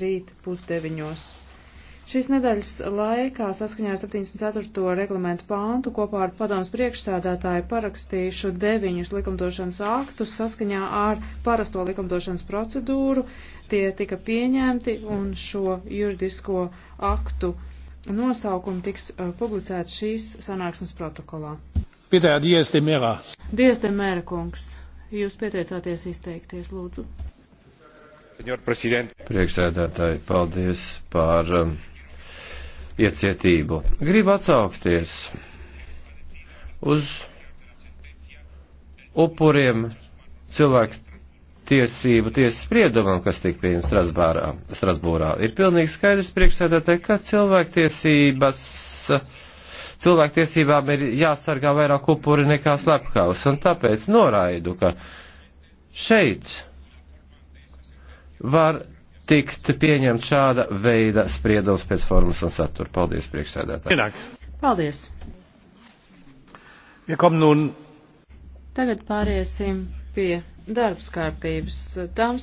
rīt pusdeviņos. Šīs nedēļas laikā saskaņā ar 74. reglamentu pāntu kopā ar padomus priekšsēdētāju parakstīšu deviņus likumdošanas aktus saskaņā ar parasto likumdošanas procedūru. Tie tika pieņemti un šo juridisko aktu nosaukumu tiks uh, publicēts šīs sanāksmes protokolā. Pitē, dies de mērā. Dies de mērā, kungs. Jūs pieteicāties izteikties, lūdzu. Priekšsēdētāji, paldies par um, iecietību. Gribu atsaukties uz upuriem cilvēku tiesību tiesas spriedumam, kas tika pieņemts Strasbārā, Strasbūrā. Ir pilnīgi skaidrs priekšsēdētāji, ka cilvēktiesības, cilvēktiesībām ir jāsargā vairāk upuri nekā slepkavas, un tāpēc noraidu, ka šeit var tikt pieņemt šāda veida spriedums pēc formas un satura. Paldies, priekšsēdētāji. Paldies. Nun... Tagad pāriesim pie darbskārtības. Dāmas